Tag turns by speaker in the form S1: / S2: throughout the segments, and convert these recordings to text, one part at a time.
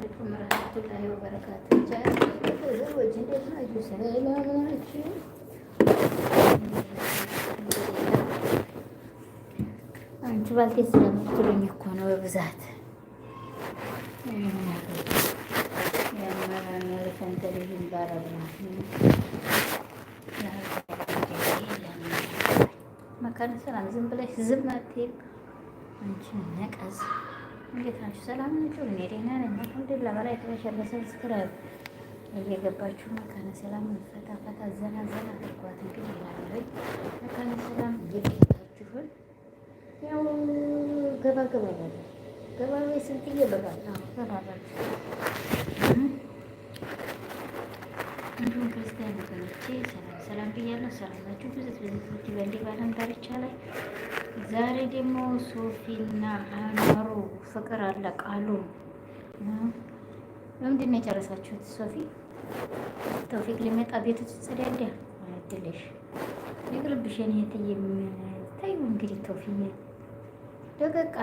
S1: አለይኩም ወረህመቱላሂ ወበረካቱ። ሰዎች እንዴት ናችሁ? ሰላም ናችሁ? አንቺ ባልቴት ስለምትሉኝ እኮ ነው በብዛት ቴሌቪዥን መካነ ሰላም ዝም ብለሽ ዝም አትይም። አንቺ ነቀዝ እንዴት ናችሁ? ሰላም ናችሁ? እኔ ደህና ነኝ። ለመላይክ ለሸር ለሰብስክራይብ እየገባችሁ መካነ ሰላም ፈታ ፈታ ዘና ዘና አድርጓት። እንግዲህ ይላለሁኝ መካነ ሰላም
S2: እየገባችሁን ያው ገባ ገባ ያለ ገባ ወይ ስንትዬ በቃ
S1: እንዲሁም ክርስቲያን ወገኖቼ ሰላም ሰላም ብያለሁ። ሰላማችሁ ብዝት ብዝት ብትበል ባለም ዳርቻ ላይ ዛሬ ደግሞ ሶፊና አኗሩ ፍቅር ቃሉ። ለምንድን ነው የጨረሳችሁት? ሶፊ ተውፊቅ ሊመጣ ቤት ውስጥ ጸዳዳ አይደለሽ ይቅርብሽ። እኔ ታዩ እንግዲህ ተውፊዬ ደቀቅ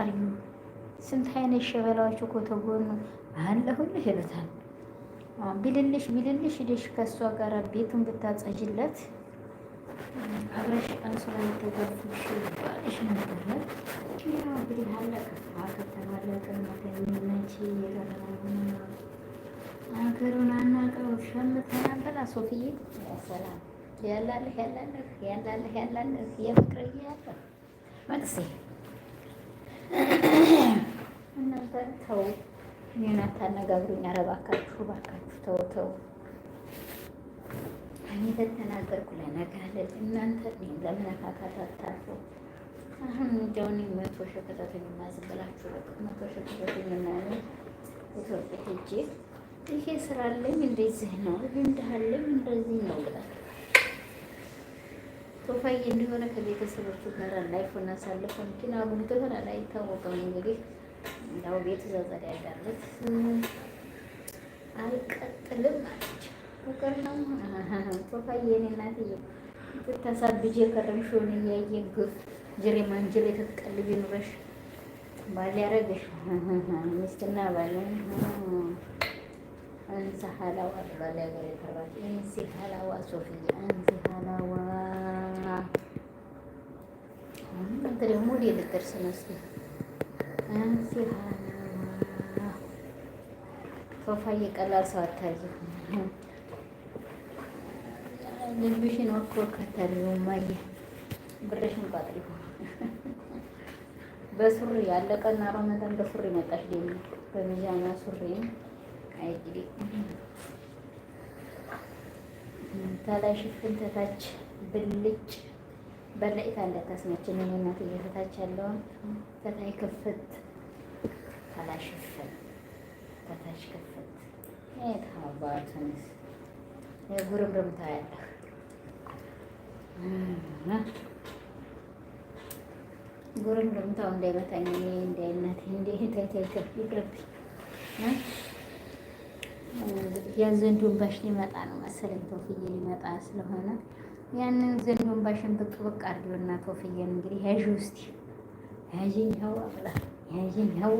S1: ስንት አይነት ሸበላዎች እኮ ተጎኑ
S2: አለሁልህ ይሉታል።
S1: ቢልልሽ ቢልልሽ ሂደሽ ከእሷ ጋር ቤቱን ብታጸጅለት አብረሽ አንሶላ ተጋፉሽ ባልሽ ነበረ። ያው እንግዲህ አለቀ ከተባለቀ መተኝነች የቀረናሆነ አገሩን አናውቀው ሸምተናል ብላ ሶፍዬ ያሰላም ያላለህ ያላለህ ያላለህ ያላለህ የፍቅርዬ ያለህ መቅሴ እናንተ ተው፣ እኔን አታነጋግሩኝ። ኧረ እባካችሁ እባካችሁ ተው ተው። እኔ ተተናገርኩ ለነጋለል እናንተ እኔን ለመነካካት አታርፉ። አሁን እንደው እኔ መቶ ሸከተቱኝ ማዝብላችሁ መቶ ሸከተቱኝ ምናምን ኢትዮጵያ ሄጄ ይሄ ስላለኝ እንደዚህ ነው፣ እንዳለኝ እንደዚህ ነው ብላል። ቶፋዬ እንደሆነ ከቤተሰቦቹ ጋር ላይፎን አሳልፎ መኪና አጉልቶ ላይ አይታወቅም። እንግዲህ ያው ቤት ዘዘር ያዳለት አልቀጥልም አለች። ፍቅር ነው ቶፋዬ። እኔ እናትዬ ብታሳብጅ የከረምሽውን እያየ ግፍ ጅሬ ማንጅሬ ተትቀልጅ ኑረሽ ባል ያረገሽ ሚስትና ባል እንዚ ሀላዋ ትባለ ያገሬ ተባት እንዚ ሀላዋ ሶፊያ እንዚ ሀላዋ እንግዲህ ሙድ ልደርስ ነው። እስኪ ሀላዋ ሶፋ እየቀላል ሰው አታዩ ልብሽን ወኮ ከተሪው ማየ ብርሽን ቋጥሪ በሱሪ ያለቀና ረመዳን በሱሪ መጣሽ ደሚ በሚዛና ሱሪ እንግዲህ ተላይ ሽፍን ተታች ብልጭ በለይታ እንዳታስመችን እኔ እናትዬ ተታች ያለውን ተታይ ክፍት ተላይ ሽፍን ተታች ክፍት ታባትንስ የጉርምርም ታያለህ ጉርምርምታው እንዳይመታኝ እንዳይነት እንዴ ተታይ ክፍት የዘንዶን ባሽ ሊመጣ ነው መሰለኝ ቶፍዬ ሊመጣ ስለሆነ ያንን ዘንዶን ባሽን ብቅ ብቅ አድርጊውና ቶፍዬን እንግዲህ ያዥ ውስጥ ያዥኝ ሀዋ ብላ ያዥኝ ሀዋ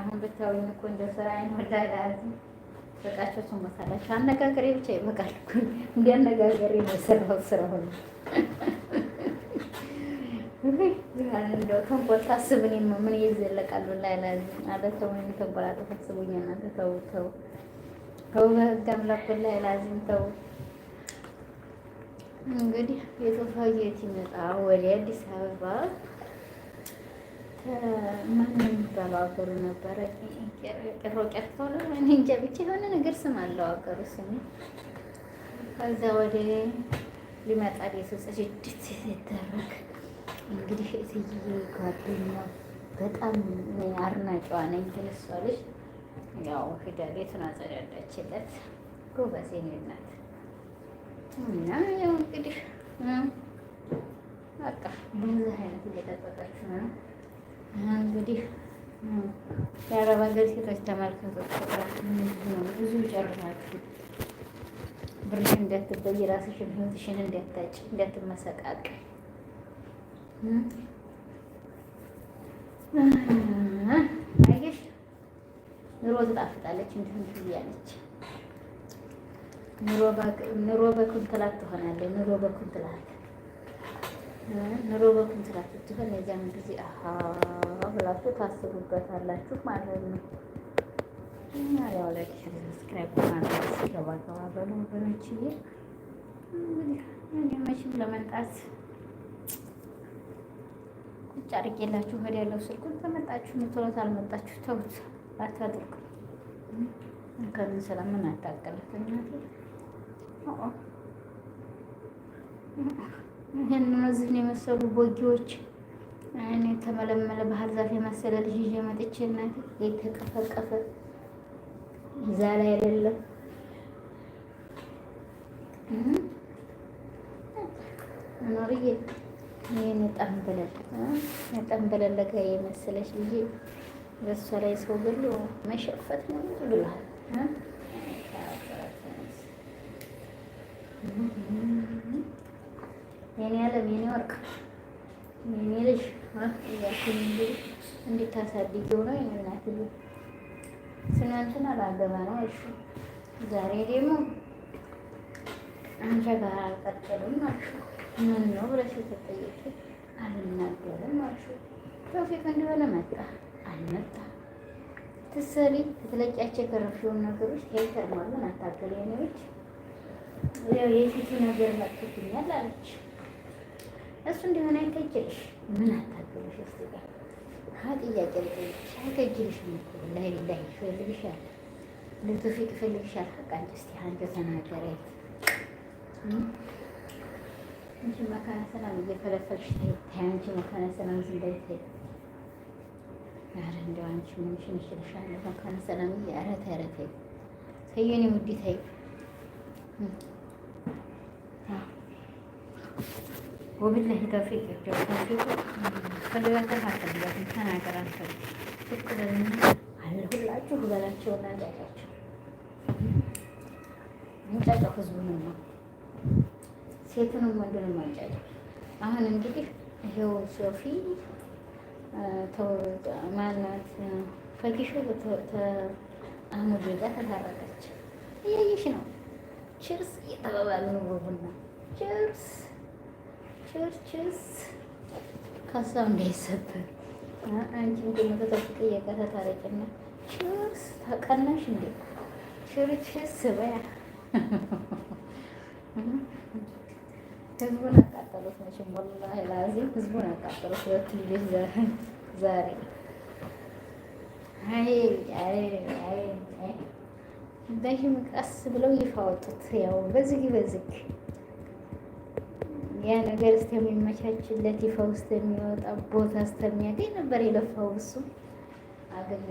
S1: አሁን ብታውኝ እኮ እንደ ስራ ይሞላላዚ በቃቸው ሱመሳላቸው አነጋገሬ ብቻ ይበቃል። እንዲያነጋገሬ ነው ስራ ሆነ። ይሆናል እንደው ተንኮል ታስብ እኔማ ምን ይዘለቃል ብላ አለ ተው እኔ ተንኮል አታስቡኝ እናንተ ተው ተው ተው በህግ አምላክ ብላ ላዚም ተው እንግዲህ የጠፋው የት ወደ አዲስ አበባ ማን የሚባለው አገሩ ነበረ ቄሮ ቄርቶ ነው እኔ እንጃ ብቻ የሆነ ነገር ስም አለው አገሩ ስሜ ከዛ ወደ ሊመጣ ቤት ውስጥ ስድስት ሲደረግ እንግዲህ እትዬ ጓደኛ በጣም አድናቂዋ ነኝ። ግን ያው ሂዳ ቤቱን አጸዳዳችለት። ጎበዝ የኔ እና ያው እንግዲህ በቃ ብዙ አይነት እየጠበቃችሁ ነው እንግዲህ የአረብ ሀገር ሴቶች ተመልከቶች ነው ብዙ ጨርሳችሁ ብርሽ እንዳትበይ፣ ራስሽን ህይወትሽን እንዳታጭ እንዳትመሰቃቅ አየሽ፣ ኑሮ ትጣፍጣለች፣ እንዲሁ እንዲሁ እያለች ኑሮ በኩንትላት ትሆናለች። ኑሮ በኩንትላት ኑሮ በኩንትላት ስትሆን የዚያን ጊዜ አሀ ብላችሁ ታስቡበታላችሁ ማለት ነው። እኛ ያው ላይ ሰብስክራይብ በማድረግ ገባ በሉ ወገኖችዬ፣ እንግዲህ መቼም ለመምጣት ጫርቄላችሁ ወደ ያለው ስልኩን ተመጣችሁ ምትሎት አልመጣችሁ ተውት፣ አታድርጉ። እንከንን ስለምን አታቀለት እናቴ ይህን እነዚህን የመሰሉ ቦጊዎች እኔ ተመለመለ ባህር ዛፍ የመሰለ ልጅ ይዤ መጥቼ እናቴ የተቀፈቀፈ እዛ ላይ አይደለም ኖርዬ ይህን ጠንበለል ጠንበለለጋ የመሰለች ልጅ በሷ ላይ ሰው ገሎ መሸፈት ነው ብሏል። የኔ ዓለም የኔ ወርቅ የኔ ልጅ ላገባ ነው እሺ፣ ዛሬ ደግሞ አንተ ጋር አልቀጠሉም ናቸው ምን ነው ብለሽ ተጠየቂ። አልናገርም አልሽው። ቶፊቅ እንደሆነ መጣ አልመጣ ትሰሪ ትለቂያቸው የከረፍሽውን ነገሮች ሄይተር ማሉን አታገል ነች። ያው የፊቱ ነገር መጥቶብኛል አለች። እሱ እንደሆነ አይከጅልሽ ምን አታገልሽ ስ ጥያቄ ልጠይቅሽ አይከጅልሽ ምትል ላይ ይፈልግሻል ለቶፊቅ ይፈልግሻል። ሀቅ አንቺ እስኪ ተናገሪያት እንጂ መካነ ሰላም እየፈለፈልሽ ተይ አንቺ መካነ ሰላም ዝም በይ ኧረ እንደው አንቺ ምንሽን እችልሻለሁ መካነ ሰላም ኧረ ተይ ኧረ ተይ ተይ ውድ ተይ። ወብላሂ ተውፊቅ ተውፊቅ ፈልጋትን አልፈልጋትም ተናገር አልፈልግ ብቅ አለሁላችሁ በላቸውና ነው ሴትንም ወንድንም አይጨለም። አሁን እንግዲህ ይሄው ሶፊ ማናት ፈኪሾ አህሙድ ጋር ተታረቀች። እያየሽ ነው። ችርስ እየተባባሉ ነው ቡና ችርስ ችርስ ችርስ። ከሳው እንዳይሰበር አንቺ እንደው ተጠብቅ እየቀረ ታረቂና ችርስ ተቀናሽ እንዴ ችርስ ችርስ በያ ህዝቡን አቃጠሉት። መቼም ወላሂ ላዚም ህዝቡን አቃጠሉት። ሁለት ልጆች ዛሬ እንደሽም ቀስ ብለው ይፋ ያው በዝግ በዝግ ያ ነገር እስከሚመቻችለት ይፋ ውስጥ የሚወጣ ቦታ እስከሚያገኝ ነበር የለፋው